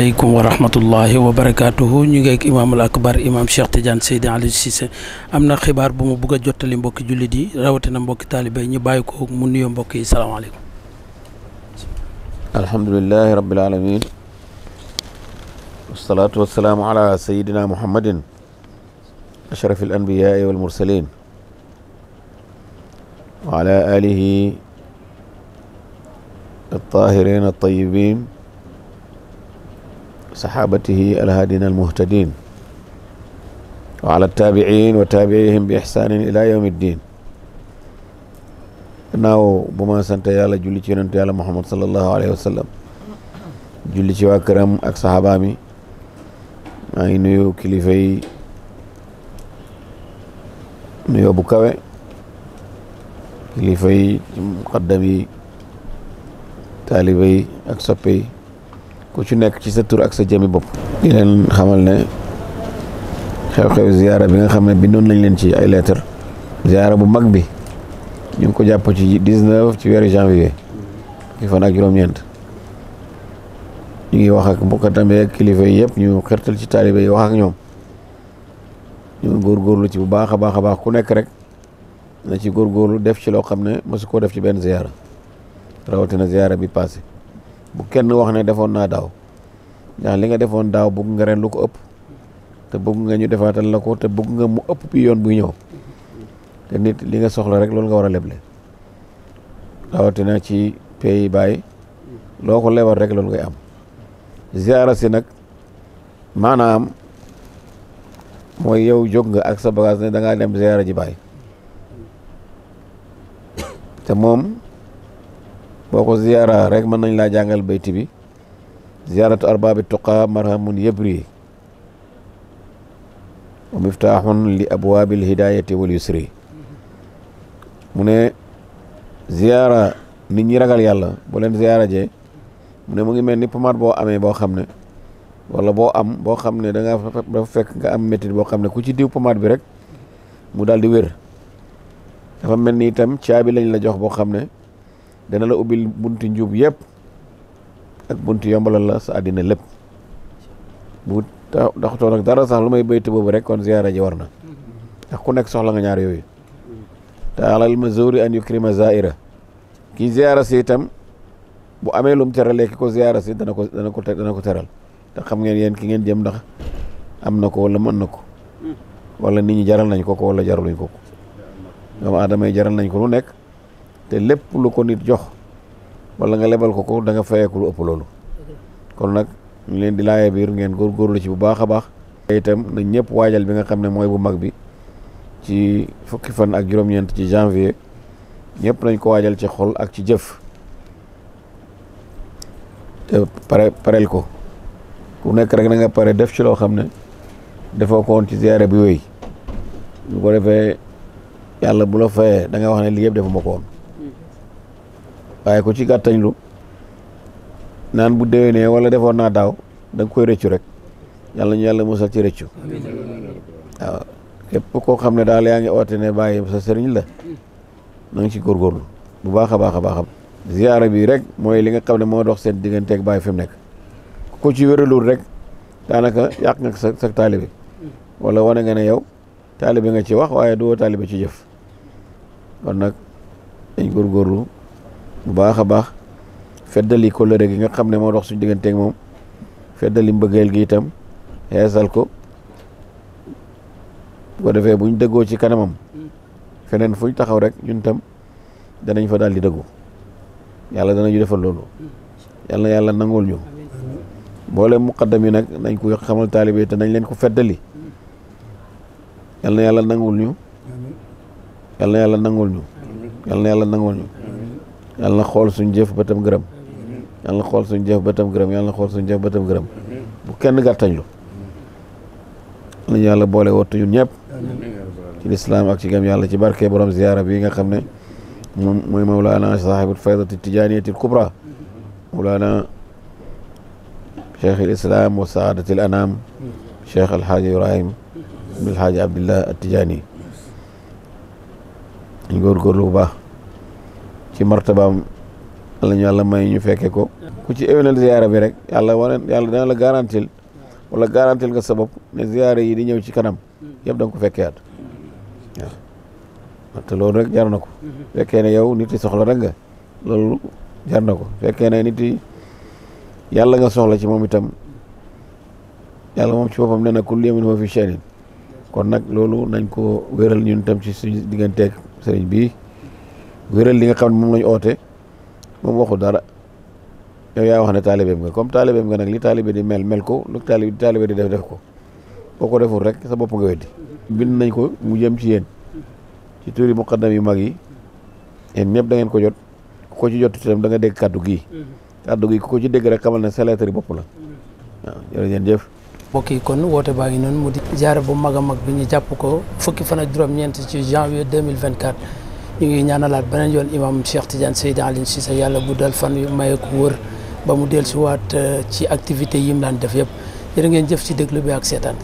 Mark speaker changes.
Speaker 1: عليكم ورحمة الله وبركاته نيجيك إمام الأكبر إمام شيخ تجان سيد علي السيس أمنا خبار بمو بغا جوتا لنبوك جولدي راوتا نبوك طالبين نبايكو مني ينبوك السلام عليكم الحمد لله رب العالمين والصلاة والسلام على سيدنا محمد أشرف الأنبياء والمرسلين وعلى آله الطاهرين الطيبين وصحابته الهادين المهتدين وعلى التابعين وتابعيهم بإحسان إلى يوم الدين gannaaw bu ma sant yàlla julli ci yonent yàlla muhammad sallallahu alayhi wa sallam julli ci waa këram ak saxaabaa mi maa ngi nuyu kilifa yi nuyoo bu kawe kilifa yi muqaddam yi taaliba yi ak soppe yi ku ci nekk ci sa tur ak sa jëmi bopp. di leen xamal ne xew-xew ziyaara bi nga xam ne bindoon nañ leen ci ay lettre ziyaara bu mag bi ñu ko jàpp ci 19 ci weeru janvier ci fan ak juróom-ñeent ñu ngi wax ak mbokkatam ak kilifa yëpp ñu xertal ci taalibe yi wax ak ñoom ñu góorgóorlu ci bu baax a baax a baax ku nekk rek na ci góorgóorlu def ci loo xam ne mosu koo def ci benn ziyaara rawatina ziyaara bi passé bu kenn wax ne defoon naa daaw ndax li nga defoon daaw bëgg nga ren lu ko ëpp te bëgg nga ñu defaatal la ko te bëgg nga mu ëpp bi yoon buy ñëw te nit li nga soxla rek loolu nga war a leble rawatina ci pays bàyyi loo ko lebal rek loolu ngay am ziara si nag maanaam mooy yow jóg nga ak sa bagage ne da ngaa dem ziara ji bàyyi te moom boo ko ziyaara rek mën nañ laa jàngal bayti bi ziyaaratu arbaabi tuqaa marhamun yëbri wa miftaaxun li abwaabil hidaayati wal yusri mu ne ziyaara nit ñi ragal yàlla boo leen ziyaara jee mu ne mu ngi mel ni pommade boo amee boo xam ne wala boo am boo xam ne da ngaa dafa fekk nga am métit boo xam ne ku ci diw pommade bi rek mu daal di wér dafa mel ni itam caabi lañ la jox boo xam ne dana la ubbil bunti njuub yëpp ak bunti yombalal la sa àddina lépp bu taxutoon ak dara sax lu may béyte boobu rek kon ziyaara ji war na ndax ku nekk soxla nga ñaar yooyu te alal mazuri an yukrima zaira kii ziyaara si itam bu amee lum terale ki ko ziyaara si dana ko dana ko dana ko teral te xam ngeen yéen ki ngeen jëm ndax am na ko wala mën na ko hmm. wala nit ñi jaral nañ ko ko wala jaraluñ ko ko doomu aadama yi jaral nañ ko lu nekk te lépp lu ko nit jox wala nga lebal ko ko danga nga fayeeku lu ëpp loolu kon nag ñu leen di laaya biir ngeen góorgóorlu ci bu baax a baax itam na ñëpp waajal bi nga xam ne mooy bu mag bi ci fukki fan ak juróom-ñeent ci janvier ñëpp nañ ko waajal ci xol ak ci jëf te pare pareel ko ku nekk rek na pare def ci loo xam ne defoo ko woon ci ziyaare bi wéy bu ko defee yàlla bu la fayee da nga wax ne lii yëpp defuma ko woon waaye ku ci gàttañlu naan bu déwénee wala defoon naa daaw dang koy rëccu rek yàlla ñu yàlla musal ci rëccu waaw képp koo xam ne daal yaa ngi oote ne bàyyi sa sëriñ la na nga ci góorgóorlu bu baax a baax a baax ziyaara rek mooy li nga xam ne moo dox seen digganteeg bàyyi fi mu nekk ku ci wéralul rek daanaka yàq nga sa sa taalibe wala wane nga ne yow taalibe nga ci wax waaye du taalibe ci jëf kon nag dañ góorgóorlu bu baax a baax feddali kóllëre gi nga xam ne moo dox suñu digganteeg moom feddali mbëggeel gi itam yeesal ko bu ko defee buñ dëggoo ci kanamam feneen fuñ taxaw rek ñun tam danañ fa daal di dëggu yàlla danañu defal loolu yàlla na yàlla nangul ñu boole muqaddam yi nag nañ ko xamal taalibe te leen ko feddali yàlla yàlla nangul ñu yàlla yàlla nangul yàlla na yàlla nangul ñu yàlla na xool suñ jëf ba tam gërëm yàlla na xool suñ jëf ba tam gërëm yàlla na xool suñ jëf ba bu kenn gàttañ lu lañu yàlla boole wattu ñun ñëpp ci lislaam ak ci gëm yàlla ci barke borom ziyaara bi nga xam ne mooy mawlaana saahibul faydati tijaaniyatil kubra mawlaana cheikh al islam wa saadatil anaam cheikh alxaaji ibrahim ibn alxaaji abdillah at tijaani ñu góorgóorlu bu baax ci martabaam la ñu yàlla may ñu fekke ko ku ci éwénal ziyaara bi rek yàlla wane yàlla dana la garantil wala garantil nga sa bopp ne ziyaara yi di ñëw ci kanam yëpp da nga ko fekkee at waaw loolu rek jar na ko fekkee yow nit yi soxla rek nga na ko nit yi yàlla nga soxla ci moom itam yàlla moom ci boppam nee na kullu yawmin huwa fi sha'nin kon nag loolu nañ ko wéral ñun tam ci suñu digganteeg sëriñ bi wéral li nga xam ne moom lañu oote moom waxu dara yow yaa wax na taalibeem nga comme taalibeem nga nag li taalibe di mel mel ko lu taalibe taalibe di def def ko boo ko deful rek sa bopp ga weddi bind nañ ko mu jëm ci yéen ci turi muqaddam yu mag yi yéen ñëpp da ngeen ko jot ko ci jot ti da nga dégg kàddu gii kàddu gi ko ci dégg rek na ne sa lettre bopp la waaw jërëjëf mbokk yi kon woote baa ngi noonu mu di jaare bu mag mag bi ñu jàpp ko fukki fana ak juróom-ñeent ci janvier 2024 ñu ngi ñaanalaat beneen yoon imam Cheikh Tidiane Seydina Alioune Cissé yàlla guddal fan yu maye ko wër ba mu dellusiwaat eh, ci activité yi mu daan def yëpp jërë ngeen jëf ci déglu bi ak seetaan